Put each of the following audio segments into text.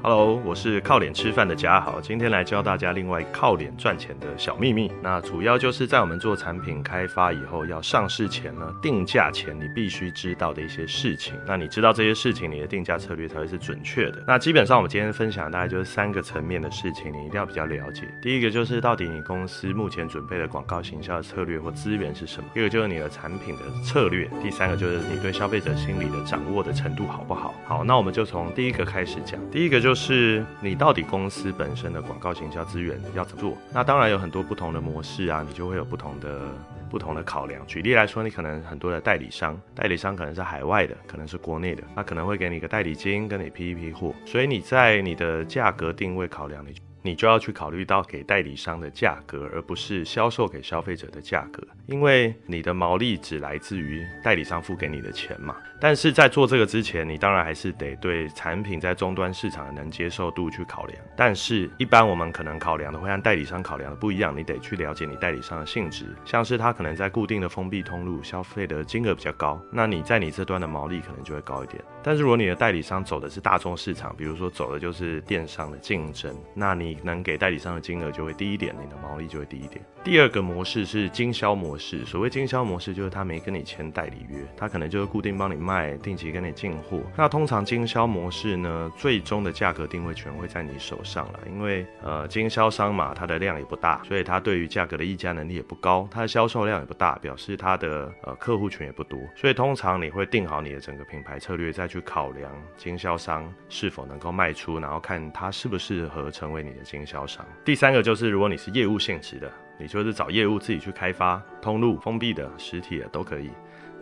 哈嘍，Hello, 我是靠臉吃飯的嘉豪，今天來教大家另外靠臉賺錢的小秘密。那主要就是在我們做產品開發以後要上市前呢，定價前你必須知道的一些事情。那你知道這些事情，你的定價策略才會是準確的。那基本上我們今天分享大概就是三個層面的事情，你一定要比較了解。第一個就是到底你公司目前準備的廣告行銷的策略或資源是什麼？第二個就是你的產品的策略。第三個就是你對消費者心理的掌握的程度好不好？好，那我們就從第一個開始講。第一個就是就是你到底公司本身的廣告行銷資源要怎麼做？那當然有很多不同的模式啊，你就會有不同的不同的考量。舉例來說，你可能很多的代理商，代理商可能是海外的，可能是國內的，那可能會給你一個代理金，跟你批一批貨，所以你在你的價格定位考量你你就要去考慮到給代理商的價格，而不是銷售給消費者的價格，因為你的毛利只來自於代理商付給你的錢嘛。但是在做這個之前，你當然還是得對產品在終端市場的能接受度去考量。但是一般我們可能考量的會按代理商考量的不一樣，你得去了解你代理商的性質，像是他可能在固定的封閉通路消費的金額比較高，那你在你這端的毛利可能就會高一點。但是如果你的代理商走的是大眾市場，比如說走的就是電商的競爭，那你。你能給代理商的金額就會低一點，你的毛利就會低一點。第二個模式是經銷模式，所謂經銷模式就是他沒跟你簽代理約，他可能就是固定幫你賣，定期跟你進貨。那通常經銷模式呢，最終的價格定位權會在你手上啦，因為呃經銷商嘛，他的量也不大，所以他對於價格的議價能力也不高，他的銷售量也不大，表示他的呃客戶群也不多，所以通常你會定好你的整個品牌策略，再去考量經銷商是否能夠賣出，然後看他適不適合成為你。經銷商，第三個就是如果你是業務性質的，你就是找業務自己去開發通路，封閉的實體的都可以。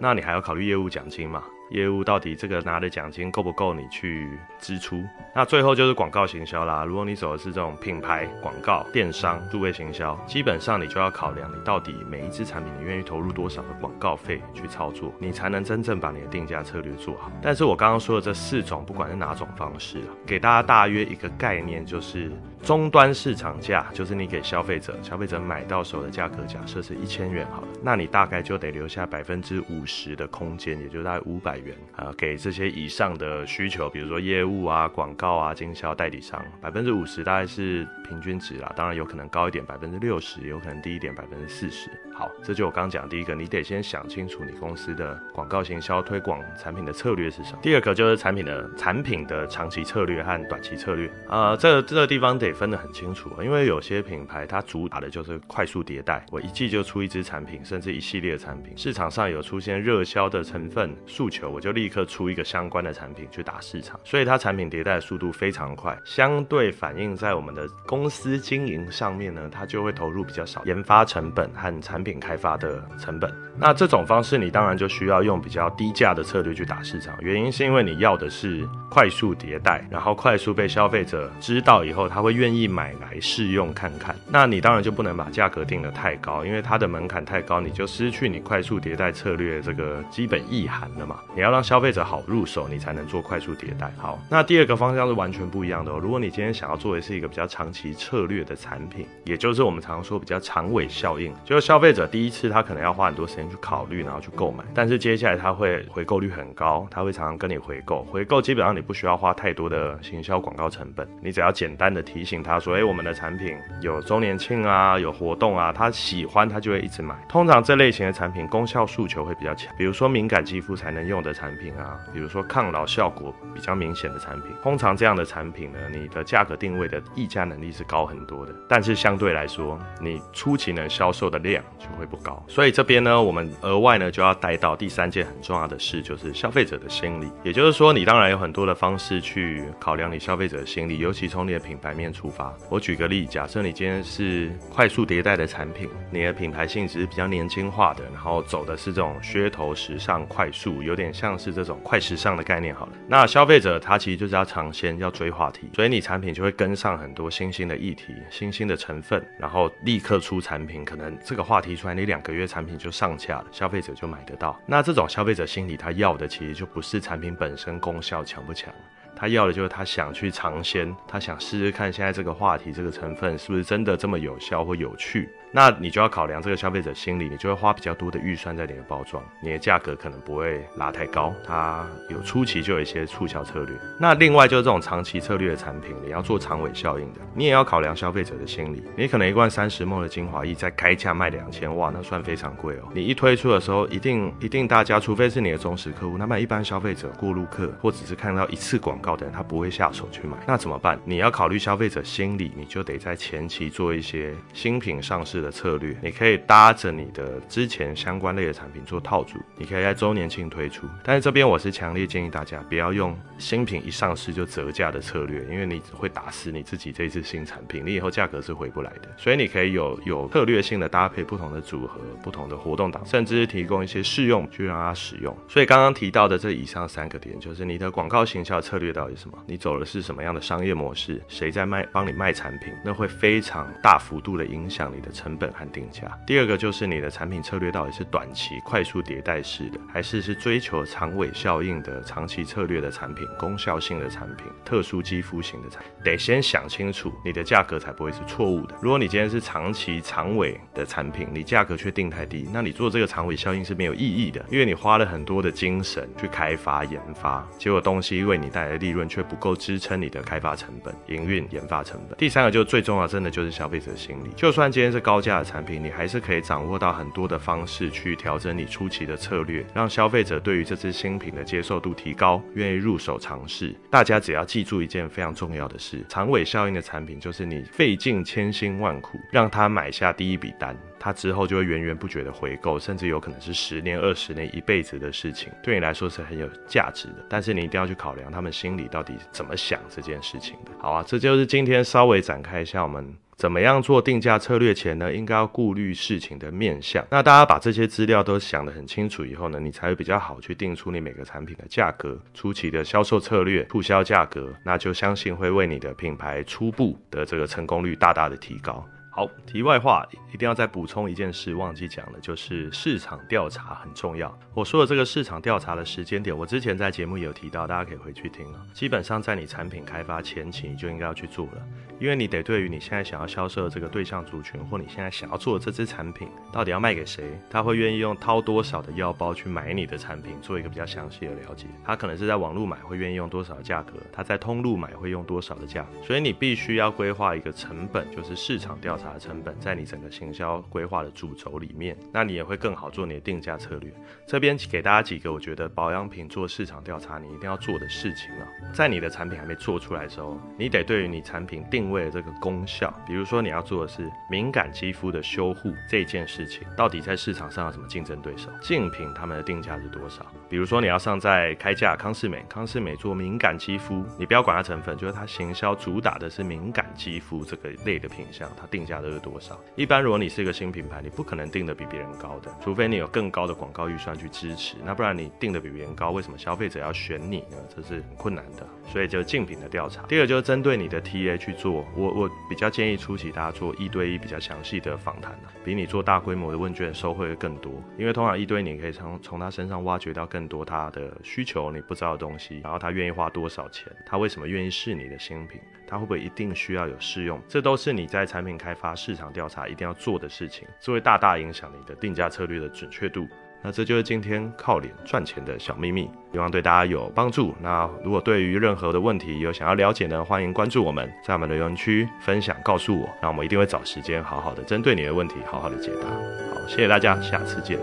那你還要考慮業務獎金嘛？業務到底這個拿的獎金夠不夠你去支出？那最後就是廣告行銷啦。如果你走的是這種品牌廣告、電商入位行銷，基本上你就要考量你到底每一支產品你願意投入多少的廣告費去操作，你才能真正把你的定價策略做好。但是我剛剛說的這四種，不管是哪種方式啊，給大家大約一個概念就是。終端市場價就是你給消費者消費者買到手的價格，假設是一千元好了，那你大概就得留下百分之五十的空間，也就在五百元啊、呃，給這些以上的需求，比如說業務啊、廣告啊、經銷代理商，百分之五十大概是平均值啦，當然有可能高一點，百分之六十，有可能低一點，百分之四十。好，這就我剛講第一個，你得先想清楚你公司的廣告、行銷、推廣產品的策略是什麼。第二個就是產品的產品的長期策略和短期策略啊、呃，這個、這個地方得。分得很清楚，因為有些品牌它主打的就是快速迭代，我一季就出一支產品，甚至一系列的產品。市場上有出現熱銷的成分訴求，我就立刻出一個相關的產品去打市場，所以它產品迭代速度非常快。相對反映在我們的公司經營上面呢，它就會投入比較少研發成本和產品開發的成本。那這種方式你當然就需要用比較低價的策略去打市場，原因是因為你要的是快速迭代，然後快速被消費者知道以後，他會。願意買來試用看看，那你當然就不能把價格定得太高，因為它的門檻太高，你就失去你快速迭代策略這個基本意涵了嘛。你要讓消費者好入手，你才能做快速迭代。好，那第二個方向是完全不一樣的哦。如果你今天想要做的是一個比較長期策略的產品，也就是我們常說比較長尾效應，就是消費者第一次他可能要花很多時間去考慮，然後去購買，但是接下來他會回購率很高，他會常常跟你回購。回購基本上你不需要花太多的行銷廣告成本，你只要簡單的提醒。請他說，哎，我們的產品有周年慶啊，有活動啊，他喜歡他就會一直買。通常這類型的產品功效訴求會比較強，比如說敏感肌膚才能用的產品啊，比如說抗老效果比較明顯的產品。通常這樣的產品呢，你的價格定位的溢價能力是高很多的，但是相對來說，你初期能銷售的量就會不高。所以這邊呢，我們額外呢就要帶到第三件很重要的事，就是消費者的心理。也就是說，你當然有很多的方式去考量你消費者的心理，尤其從你的品牌面。出發，我舉個例，假設你今天是快速迭代的產品，你的品牌性質是比較年輕化的，然後走的是這種噱頭、時尚、快速，有點像是這種快時尚的概念好了。那消費者他其實就是要嚐鮮，要追話題，所以你產品就會跟上很多新興的議題、新興的成分，然後立刻出產品。可能這個話題出來，你兩個月產品就上架了，消費者就買得到。那這種消費者心理他要的其實就不是產品本身功效強不強。他要的就是他想去嘗鮮，他想試試看現在這個話題這個成分是不是真的這麼有效或有趣。那你就要考量這個消費者心理，你就會花比較多的預算在你的包裝，你的價格可能不會拉太高。他有初期就有一些促銷策略。那另外就是這種長期策略的產品，你要做長尾效應的，你也要考量消費者的心理。你可能一罐三十毫升的精華液在開價賣兩千，哇，那算非常貴哦。你一推出的時候，一定一定大家，除非是你的忠實客戶，那麼一般消費者、過路客或只是看到一次廣告，他不會下手去買，那怎麼辦？你要考慮消費者心理，你就得在前期做一些新品上市的策略。你可以搭着你的之前相關類的產品做套組，你可以在周年慶推出。但是這邊我是強烈建議大家不要用新品一上市就折價的策略，因為你只會打死你自己這次新產品，你以後價格是回不來的。所以你可以有有策略性的搭配不同的組合、不同的活動檔，甚至提供一些試用去讓他使用。所以剛剛提到的這以上三個點，就是你的廣告行銷策略的。到底是什麼？你走的是什麼樣的商業模式？誰在賣，幫你賣產品？那會非常大幅度的影響你的成本和定價。第二個就是你的產品策略到底是短期快速迭代式的，還是是追求長尾效應的長期策略的產品？功效性的產品，特殊肌膚型的產品，得先想清楚，你的價格才不會是錯誤的。如果你今天是長期長尾的產品，你價格卻定太低，那你做這個長尾效應是沒有意義的，因為你花了很多的精神去開發研發，結果東西為你帶來利。利潤卻不夠支撐你的開發成本、營運、研發成本。第三個就最重要，真的就是消費者心理。就算今天是高價的產品，你還是可以掌握到很多的方式去調整你初期的策略，讓消費者對於這支新品的接受度提高，願意入手嘗試。大家只要記住一件非常重要的事：長尾效應的產品，就是你費盡千辛萬苦讓他買下第一筆單。他之後就會源源不絕的回購，甚至有可能是十年、二十年、一輩子的事情，對你來說是很有價值的。但是你一定要去考量他們心裡到底怎麼想這件事情的。好啊，這就是今天稍微展開一下，我們怎麼樣做定價策略前呢，應該要顧慮事情的面向。那大家把這些資料都想得很清楚以後呢，你才會比較好去定出你每個產品的價格、初期的銷售策略、促銷價格，那就相信會為你的品牌初步的這個成功率大大的提高。好，題外話一定要再補充一件事，忘記講了，就是市場調查很重要。我說的這個市場調查的時間點，我之前在節目也有提到，大家可以回去聽了。基本上在你產品開發前期，你就應該要去做了，因為你得對於你現在想要銷售的這個對象族群，或你現在想要做的這支產品，到底要賣給誰，他會願意用掏多少的腰包去買你的產品，做一個比較詳細的了解。他可能是在網絡買，會願意用多少的價格；他在通路買，會用多少的價格。所以你必須要規劃一個成本，就是市場調查。成本在你整個行銷規劃的主軸裡面，那你也會更好做你的定價策略。這邊給大家幾個我覺得保養品做市場調查你一定要做的事情啊、哦，在你的產品還沒做出來的時候，你得對於你產品定位的這個功效，比如說你要做的是敏感肌膚的修護這件事情，到底在市場上有什麼競爭對手，競品他們的定價是多少？比如說你要上在開架康是美，康是美做敏感肌膚，你不要管它成分，就是它行銷主打的是敏感肌膚這個類的品項，它定價。都是多少？一般如果你是一個新品牌，你不可能定得比別人高的，除非你有更高的廣告預算去支持。那不然你定得比別人高，為什麼消費者要選你呢？這是很困難的。所以就是競品的調查。第二個就是針對你的 TA 去做。我我比較建議初期大家做一對一比較詳細的訪談啊，比你做大規模的問卷收穫會更多。因為通常一對你可以從從他身上挖掘到更多他的需求，你不知道的東西，然後他願意花多少錢，他為什麼願意試你的新品。它會不會一定需要有試用？這都是你在產品開發、市場調查一定要做的事情，這會大大影響你的定價策略的準確度。那這就是今天靠臉賺錢的小秘密，希望對大家有幫助。那如果對於任何的問題有想要了解呢，歡迎關注我們，在我們的留言區分享告訴我，那我們一定會找時間好好的針對你的問題好好的解答。好，謝謝大家，下次見。